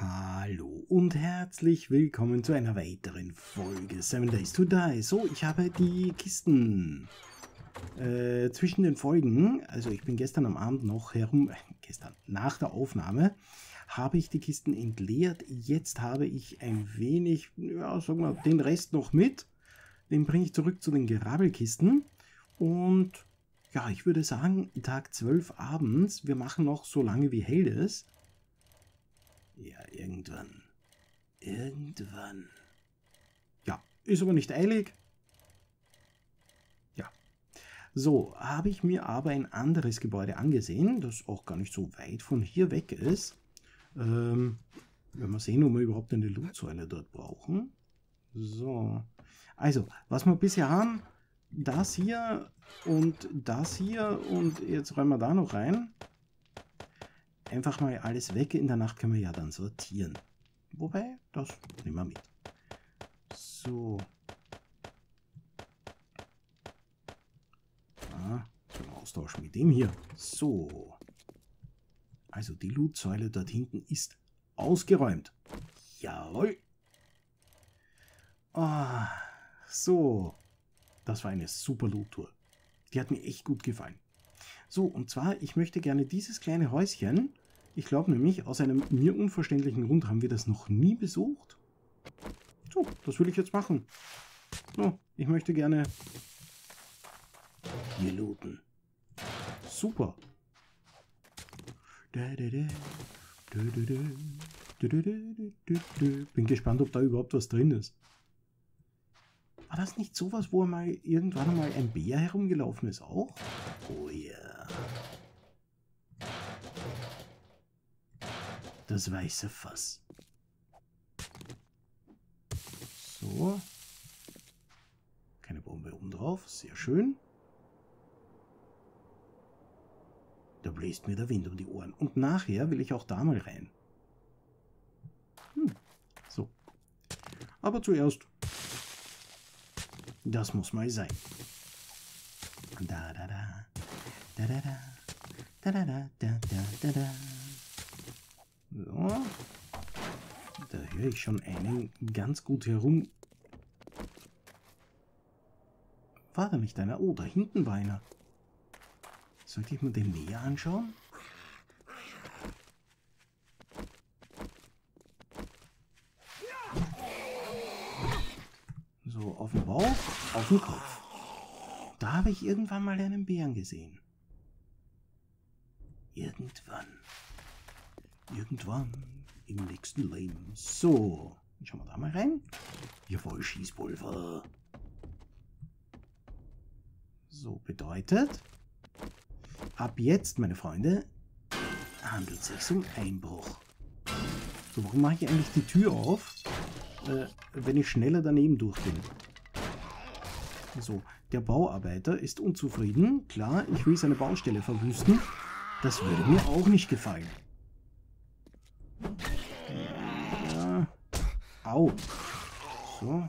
Hallo und herzlich willkommen zu einer weiteren Folge 7 Days to Die. So, ich habe die Kisten äh, zwischen den Folgen, also ich bin gestern am Abend noch herum, äh, gestern nach der Aufnahme, habe ich die Kisten entleert. Jetzt habe ich ein wenig, ja, sagen wir, den Rest noch mit. Den bringe ich zurück zu den Gerabelkisten und ja, ich würde sagen, Tag 12 abends, wir machen noch so lange wie hell ist ja, irgendwann. Irgendwann. Ja, ist aber nicht eilig. Ja. So, habe ich mir aber ein anderes Gebäude angesehen, das auch gar nicht so weit von hier weg ist. Ähm, wenn wir sehen, ob wir überhaupt eine Lootsäule dort brauchen. So. Also, was wir bisher haben, das hier und das hier und jetzt räumen wir da noch rein einfach mal alles weg. In der Nacht können wir ja dann sortieren. Wobei, das nehmen wir mit. So. Ah, zum Austausch mit dem hier. So. Also die Loot-Säule dort hinten ist ausgeräumt. Jawohl. Ah, so. Das war eine super Loot-Tour. Die hat mir echt gut gefallen. So, und zwar, ich möchte gerne dieses kleine Häuschen ich glaube nämlich, aus einem mir unverständlichen Grund haben wir das noch nie besucht. So, das will ich jetzt machen. So, ich möchte gerne hier looten. Super. Bin gespannt, ob da überhaupt was drin ist. War das nicht sowas, wo er mal irgendwann mal ein Bär herumgelaufen ist auch? Oh das weiße Fass. So. Keine Bombe oben drauf. Sehr schön. Da bläst mir der Wind um die Ohren. Und nachher will ich auch da mal rein. Hm. So. Aber zuerst. Das muss mal sein. Da da da. Da da da. Da da da da da da da. So. Da höre ich schon einen ganz gut herum. War da nicht einer? Oh, da hinten war einer. Sollte ich mir den näher anschauen? So, auf den Bauch, auf den Kopf. Da habe ich irgendwann mal einen Bären gesehen. Irgendwann. Irgendwann im nächsten Leben. So, schauen wir da mal rein. Jawohl, Schießpulver. So bedeutet, ab jetzt, meine Freunde, handelt es sich um Einbruch. So, warum mache ich eigentlich die Tür auf, äh, wenn ich schneller daneben durch bin? So, der Bauarbeiter ist unzufrieden. Klar, ich will seine Baustelle verwüsten. Das würde mir auch nicht gefallen. Au. So.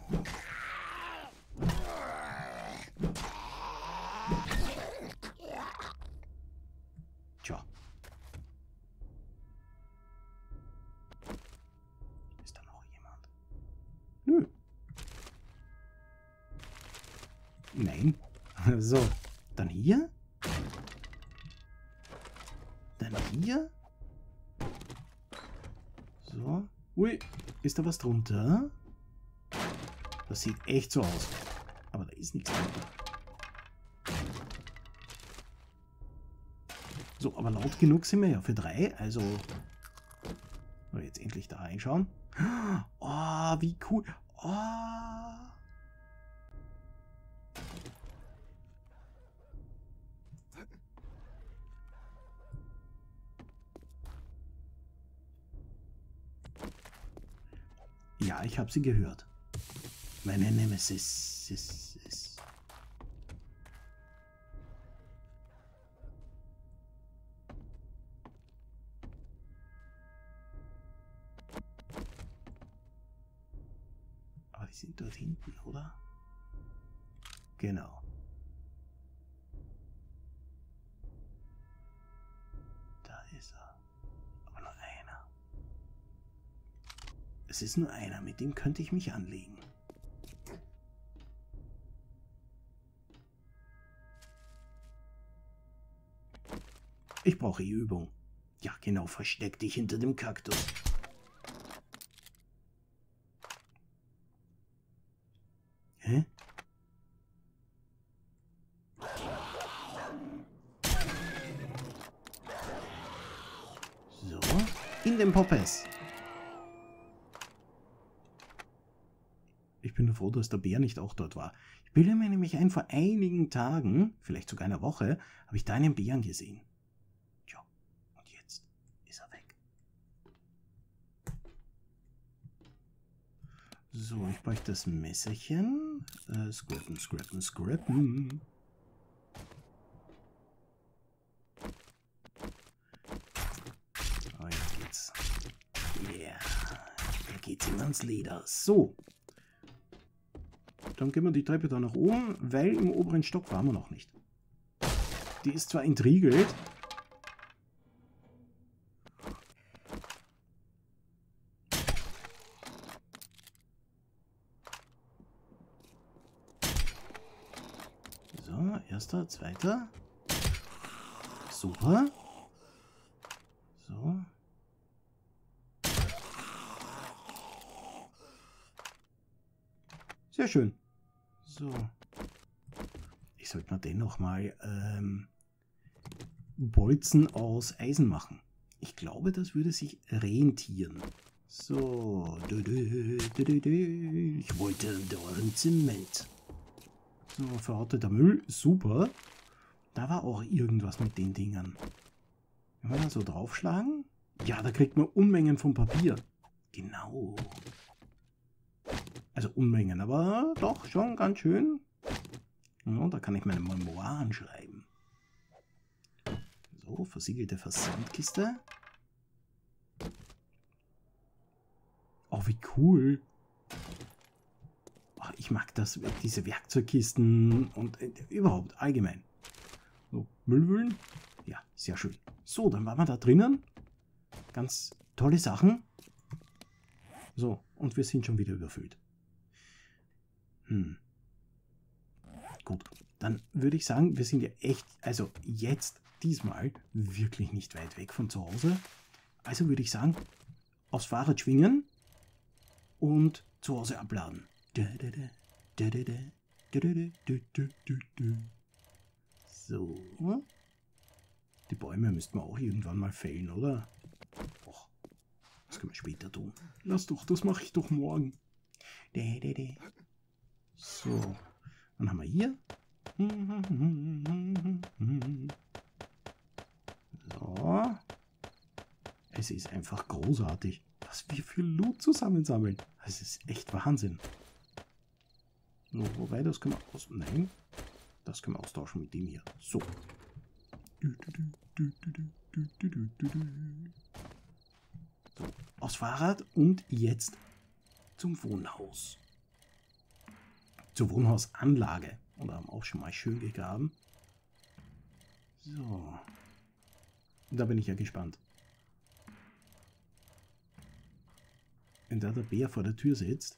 Tja. Ist da noch jemand? Nö. Hm. Nein. So. Dann hier? Dann hier? So. Ui. Ist da was drunter? Das sieht echt so aus. Aber da ist nichts drunter. So, aber laut genug sind wir ja für drei. Also, jetzt endlich da reinschauen. Oh, wie cool. Oh, habe sie gehört. Meine Nemesis. Ist, is. Aber die sind dort hinten, oder? Genau. Es ist nur einer, mit dem könnte ich mich anlegen. Ich brauche die Übung. Ja, genau, versteck dich hinter dem Kaktus. Hä? So, in den Poppes. Ich bin nur froh, dass der Bär nicht auch dort war. Ich bilde mir nämlich ein, vor einigen Tagen, vielleicht sogar einer Woche, habe ich da einen Bären gesehen. Tja, und jetzt ist er weg. So, ich brauche das Messerchen. Äh, scrappen, scrappen, scrappen. Oh, jetzt geht's. Yeah, da geht's immer ans Leder. So, dann gehen wir die Treppe da nach oben, weil im oberen Stock waren wir noch nicht. Die ist zwar intrigelt. So, erster, zweiter. Super. So. Sehr schön. So. Ich sollte mir dennoch mal ähm, Bolzen aus Eisen machen. Ich glaube, das würde sich rentieren. So. Ich wollte euren Zement. So, verorteter Müll. Super. Da war auch irgendwas mit den Dingern. Wenn wir da so draufschlagen? Ja, da kriegt man Unmengen von Papier. Genau. Also Unmengen, aber doch schon ganz schön. Ja, da kann ich meine Memoiren schreiben. So, versiegelte Versandkiste. Oh, wie cool. Oh, ich mag das, diese Werkzeugkisten und äh, überhaupt allgemein. So, Müll Ja, sehr schön. So, dann waren wir da drinnen. Ganz tolle Sachen. So, und wir sind schon wieder überfüllt. Hm. Gut, dann würde ich sagen, wir sind ja echt, also jetzt diesmal wirklich nicht weit weg von zu Hause. Also würde ich sagen, aufs Fahrrad schwingen und zu Hause abladen. So. Die Bäume müssten wir auch irgendwann mal fällen, oder? Och, das können wir später tun. Lass doch, das mache ich doch morgen. So, dann haben wir hier. So. Es ist einfach großartig, was wir für Loot zusammensammeln. Das ist echt Wahnsinn. So, wobei, das können wir aus... Nein, das können wir austauschen mit dem hier. So. So, aus Fahrrad und jetzt zum Wohnhaus zur Wohnhausanlage. Und da haben auch schon mal schön gegraben. So. Da bin ich ja gespannt. Wenn da der Bär vor der Tür sitzt.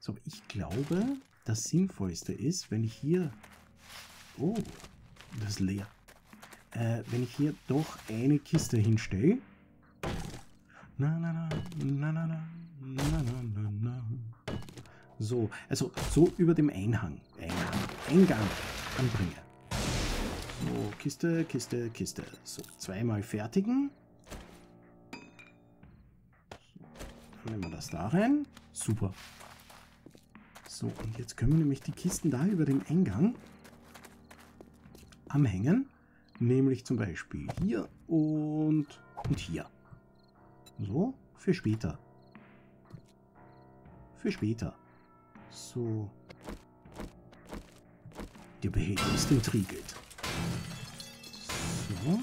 So, aber ich glaube, das Sinnvollste ist, wenn ich hier... Oh, das ist leer. Äh, wenn ich hier doch eine Kiste hinstelle. Na, na, na, na, na, na. Na, na, na, na. So, also so über dem Einhang. Einhang. Eingang. Anbringe. So, Kiste, Kiste, Kiste. So, zweimal fertigen. Dann nehmen wir das da rein. Super. So, und jetzt können wir nämlich die Kisten da über dem Eingang anhängen. Nämlich zum Beispiel hier und, und hier. So, für später. Für später. So. Der Behälter ist entriegelt. So.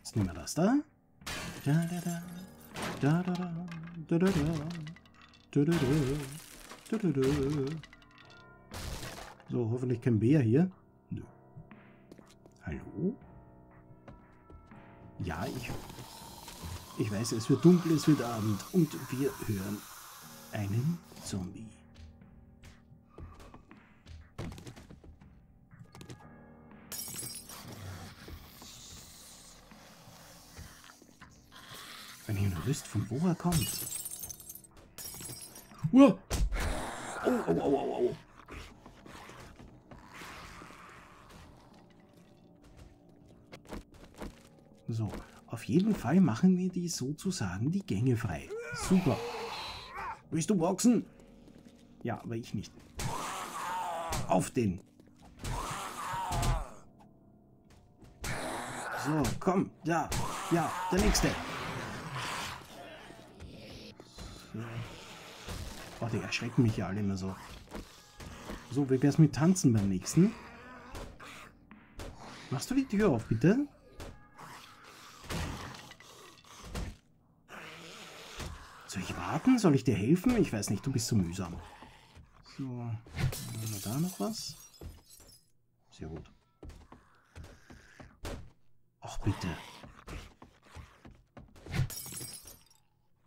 Jetzt nehmen wir das da. Da, da, da. Da, da, da. Da, da, da. Da, da, da. Da, da, da. So, hoffentlich kein Bär hier. Nö. Hallo? Ja, ich ich weiß, es wird dunkel, es wird Abend und wir hören einen Zombie. Wenn ihr nur wisst, von wo er kommt. Oh, oh, oh, oh, oh. jeden Fall machen wir die sozusagen die Gänge frei. Super. Willst du boxen? Ja, aber ich nicht. Auf den. So, komm, Ja, ja, der nächste. So. Oh, die erschrecken mich ja alle immer so. So, wie wär's mit Tanzen beim nächsten? Machst du die Tür auf, bitte? Soll ich warten? Soll ich dir helfen? Ich weiß nicht, du bist so mühsam. So, haben wir da noch was? Sehr gut. Ach bitte.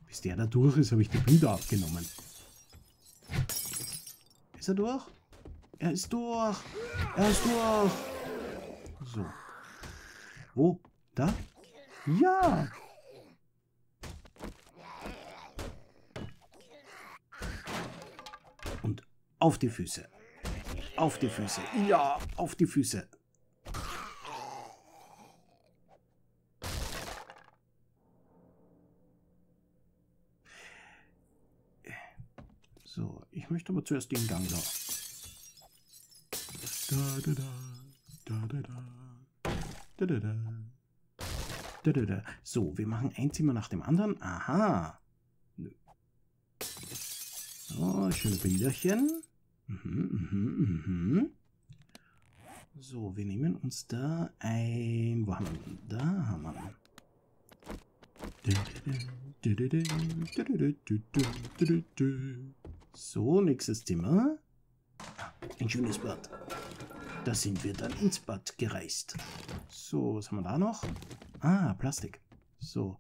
Bis der da durch ist, habe ich die Bilder abgenommen. Ist er durch? Er ist durch. Er ist durch. So. Wo? Da? Ja. Auf die Füße. Auf die Füße. Ja, auf die Füße. So, ich möchte aber zuerst den Gang da. Da, da, da, da, da, da, da. da, da. Da, da, So, wir machen ein Zimmer nach dem anderen. Aha. Nö. So, schöne Bilderchen. Mhm, mhm, mhm. So, wir nehmen uns da ein... Wo haben wir ihn? Da haben wir ihn. So, nächstes Thema. Ah, ein schönes Bad. Da sind wir dann ins Bad gereist. So, was haben wir da noch? Ah, Plastik. So,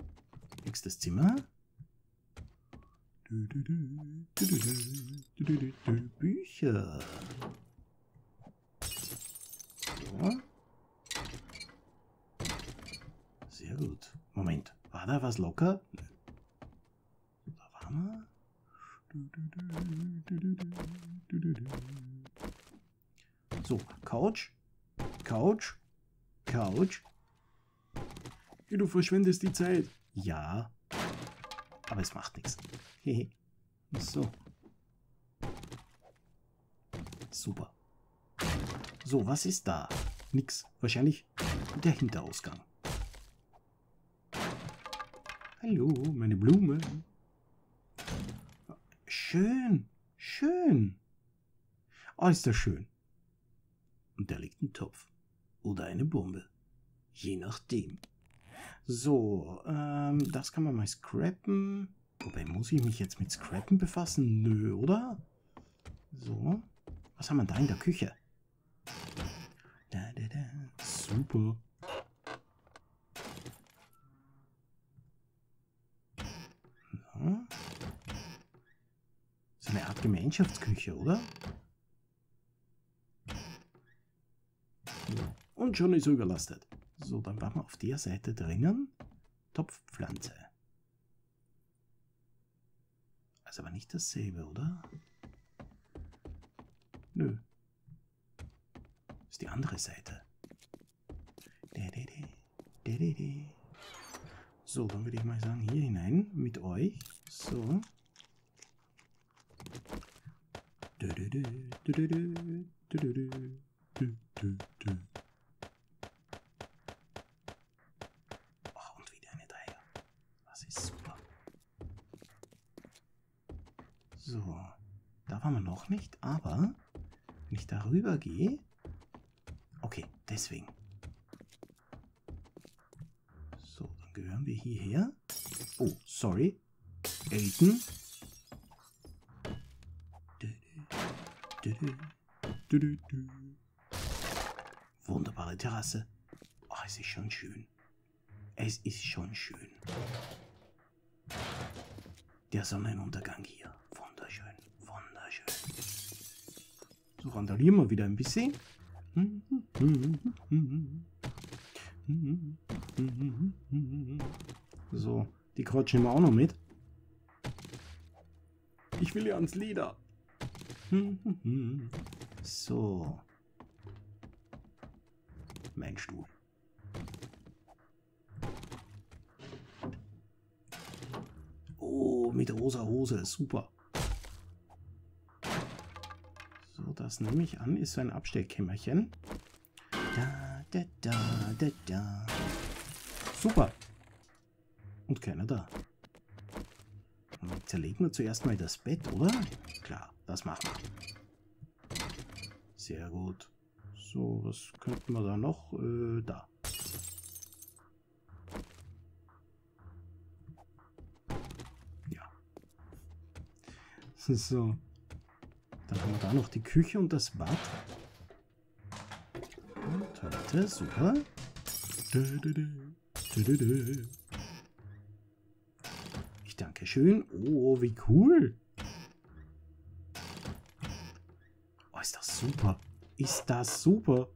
nächstes Zimmer. Bücher. So. Sehr gut. Moment, war da was locker? Da waren wir. So, Couch, Couch, Couch. Hey, du verschwendest die Zeit. Ja, aber es macht nichts. Hehe. so. Super. So, was ist da? Nix. Wahrscheinlich der Hinterausgang. Hallo, meine Blume. Schön. Schön. Oh, ist das schön. Und da liegt ein Topf. Oder eine Bombe. Je nachdem. So, ähm, das kann man mal scrappen. Wobei, muss ich mich jetzt mit Scrappen befassen? Nö, oder? So. Was haben wir da in der Küche? Da, da, da. Super. So. So eine Art Gemeinschaftsküche, oder? Und schon ist er überlastet. So, dann waren wir auf der Seite drinnen. Topfpflanze. ist aber nicht dasselbe, oder? Nö. ist die andere Seite. So, dann würde ich mal sagen, hier hinein mit euch. So. Du, du, du, haben wir noch nicht, aber wenn ich darüber gehe... Okay, deswegen. So, dann gehören wir hierher. Oh, sorry. Elton. Wunderbare Terrasse. Oh, es ist schon schön. Es ist schon schön. Der Sonnenuntergang hier. So randalieren wir wieder ein bisschen. So, die Kreuz nehmen wir auch noch mit. Ich will ja ans Leder. So. Mein Stuhl. Oh, mit rosa Hose, super. Das nehme ich an, ist so ein Abstellkämmerchen. Da, da, da, da, da. Super. Und keiner da. Zerlegen wir zuerst mal das Bett, oder? Klar, das machen wir. Sehr gut. So, was könnten wir da noch? Äh, da. Ja. So. Dann haben wir da noch die Küche und das Bad. Und Toilette, super. Ich danke schön. Oh, wie cool. Oh, ist das super. Ist das super.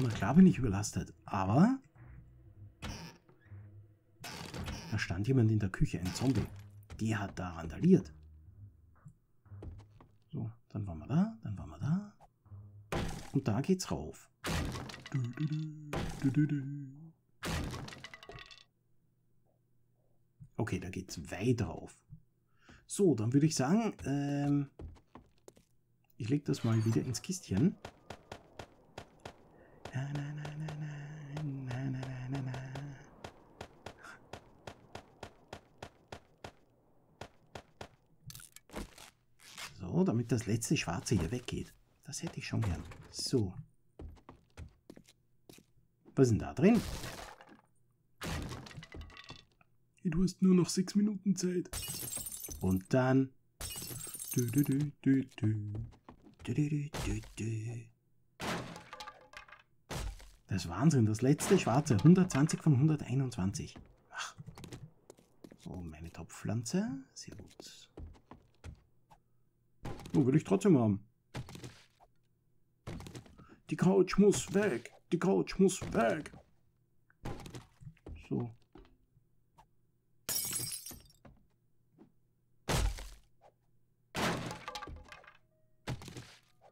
Na klar bin ich überlastet, aber da stand jemand in der Küche, ein Zombie. Der hat da randaliert. So, dann waren wir da, dann waren wir da. Und da geht's rauf. Okay, da geht's weit rauf. So, dann würde ich sagen, ähm, ich lege das mal wieder ins Kistchen. Na, na, na, So, genau, damit das letzte Schwarze hier weggeht. Das hätte ich schon gern. So. Was ist denn da drin? Du hast nur noch sechs Minuten Zeit. Und dann. du, du, du, du. Du, du, du, du, du. Das ist Wahnsinn, das letzte schwarze. 120 von 121. Ach. So, meine Topfpflanze. Sehr gut. Nur will ich trotzdem haben. Die Couch muss weg. Die Couch muss weg. So.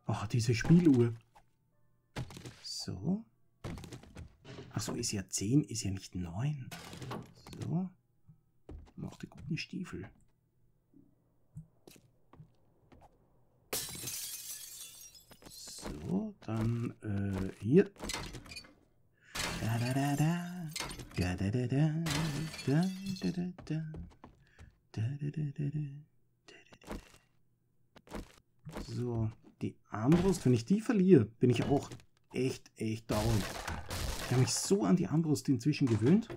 Ach, diese Spieluhr. So. Ach so, ist ja 10, ist ja nicht 9. So. Mach die guten Stiefel. dann äh, hier. Da, da, da, da. So, die Armbrust, wenn ich die verliere, bin ich auch echt, echt down. Ich habe mich so an die Armbrust inzwischen gewöhnt.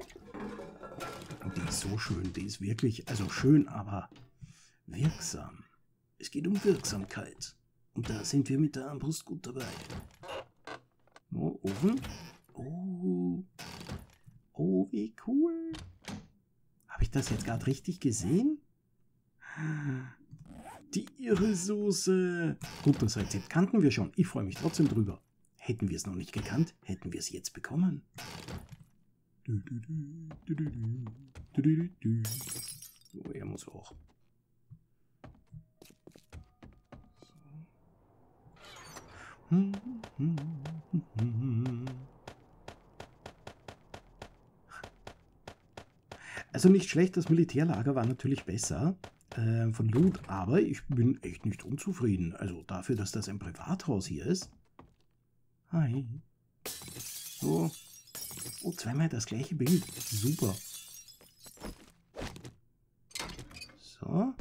Und die ist so schön, die ist wirklich, also schön, aber wirksam. Es geht um Wirksamkeit. Und da sind wir mit der Armbrust gut dabei. Oh, Ofen. Oh. Oh, wie cool. Habe ich das jetzt gerade richtig gesehen? Die irre Soße. Gut, das Rezept kannten wir schon. Ich freue mich trotzdem drüber. Hätten wir es noch nicht gekannt, hätten wir es jetzt bekommen. Oh, er muss auch. Also nicht schlecht, das Militärlager war natürlich besser äh, von Loot, aber ich bin echt nicht unzufrieden. Also dafür, dass das ein Privathaus hier ist. Hi. So. Oh, zweimal das gleiche Bild. Super. So.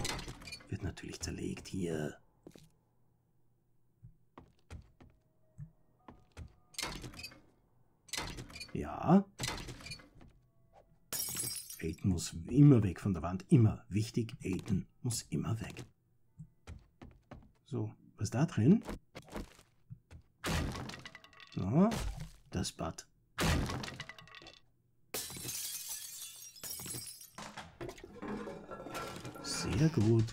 Wird natürlich zerlegt hier. Ja. Aiden muss immer weg von der Wand. Immer. Wichtig, Aiden muss immer weg. So, was ist da drin? So, das Bad. Sehr gut.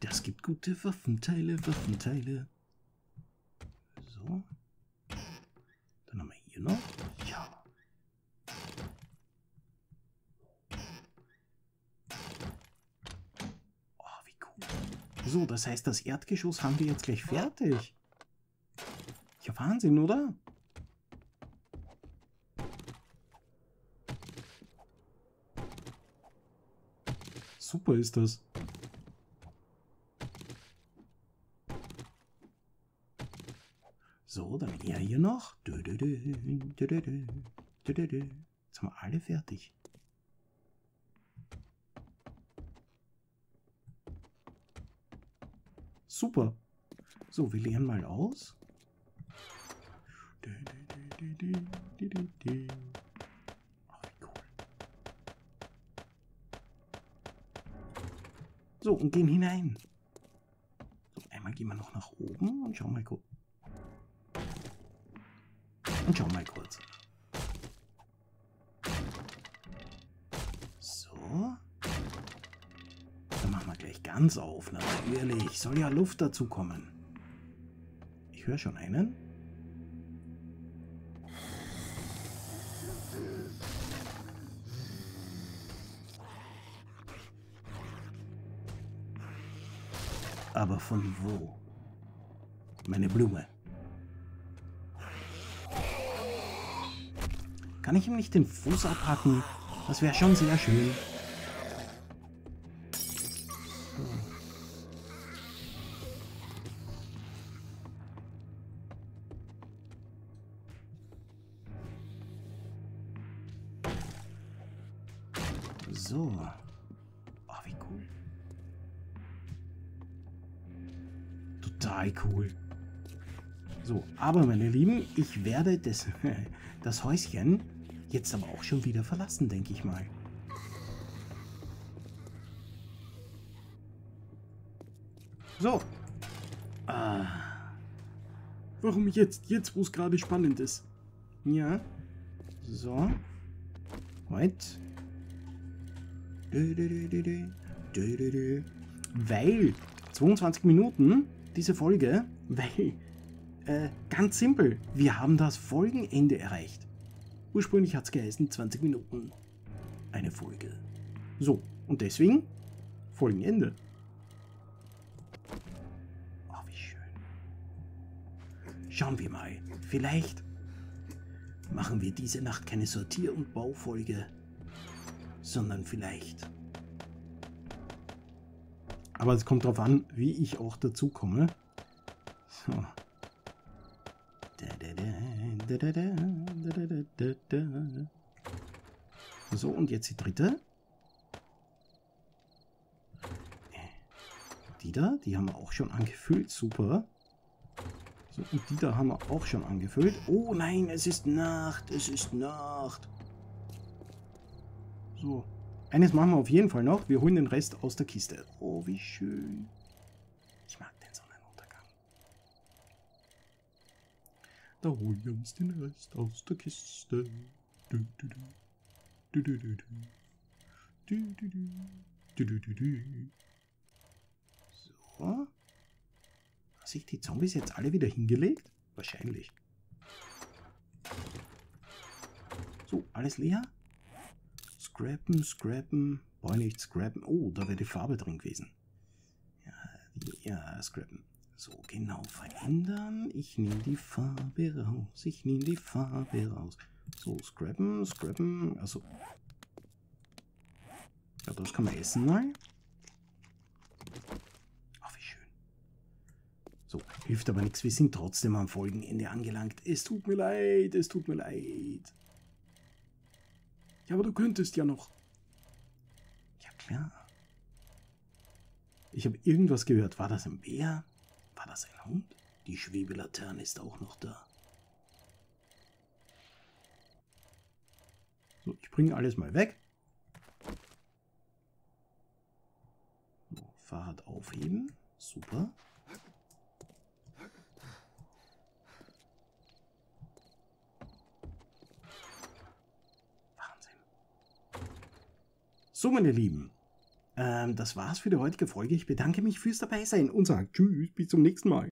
Das gibt gute Waffenteile, Waffenteile. das heißt, das Erdgeschoss haben wir jetzt gleich fertig. Ja, Wahnsinn, oder? Super ist das. So, dann er hier noch. Jetzt haben wir alle fertig. Super. So, wir leeren mal aus. So, und gehen hinein. So, einmal gehen wir noch nach oben und schauen mal kurz. Und schauen mal kurz. ganz auf, natürlich. Soll ja Luft dazu kommen. Ich höre schon einen. Aber von wo? Meine Blume. Kann ich ihm nicht den Fuß abhacken? Das wäre schon sehr schön. So. Oh, ah, wie cool. Total cool. So, aber meine Lieben, ich werde das, das Häuschen jetzt aber auch schon wieder verlassen, denke ich mal. So. Ah. Warum jetzt? Jetzt, wo es gerade spannend ist. Ja. So. Right. Weil 22 Minuten diese Folge, weil äh, ganz simpel, wir haben das Folgenende erreicht. Ursprünglich hat es geheißen 20 Minuten eine Folge. So, und deswegen Folgenende. Oh, wie schön. Schauen wir mal. Vielleicht machen wir diese Nacht keine Sortier- und Baufolge, sondern vielleicht. Aber es kommt darauf an, wie ich auch dazu komme. So. So, und jetzt die dritte. Die da, die haben wir auch schon angefüllt. Super. So, und die da haben wir auch schon angefüllt. Oh nein, es ist Nacht, es ist Nacht. So. Eines machen wir auf jeden Fall noch. Wir holen den Rest aus der Kiste. Oh, wie schön. Ich mag den Sonnenuntergang. Da holen wir uns den Rest aus der Kiste. Du, du, du. Du, du, du, du. Du, du, du. Du, du, du, du. So. Hat sich die Zombies jetzt alle wieder hingelegt? Wahrscheinlich. So, alles leer. Scrappen, scrappen. Brauche nicht scrappen. Oh, da wäre die Farbe drin gewesen. Ja, ja, scrappen. So, genau, verändern. Ich nehme die Farbe raus. Ich nehme die Farbe raus. So, scrappen, scrappen. Also. Ja, das kann man essen, nein? Ach, wie schön. So, hilft aber nichts. Wir sind trotzdem am Folgenende angelangt. Es tut mir leid, es tut mir leid. Ja, aber du könntest ja noch. Ja, klar. Ich habe irgendwas gehört. War das ein Bär? War das ein Hund? Die Schwebelaterne ist auch noch da. So, ich bringe alles mal weg. So, Fahrrad aufheben. Super. So, meine Lieben, ähm, das war's für die heutige Folge. Ich bedanke mich fürs Dabeisein und sage Tschüss, bis zum nächsten Mal.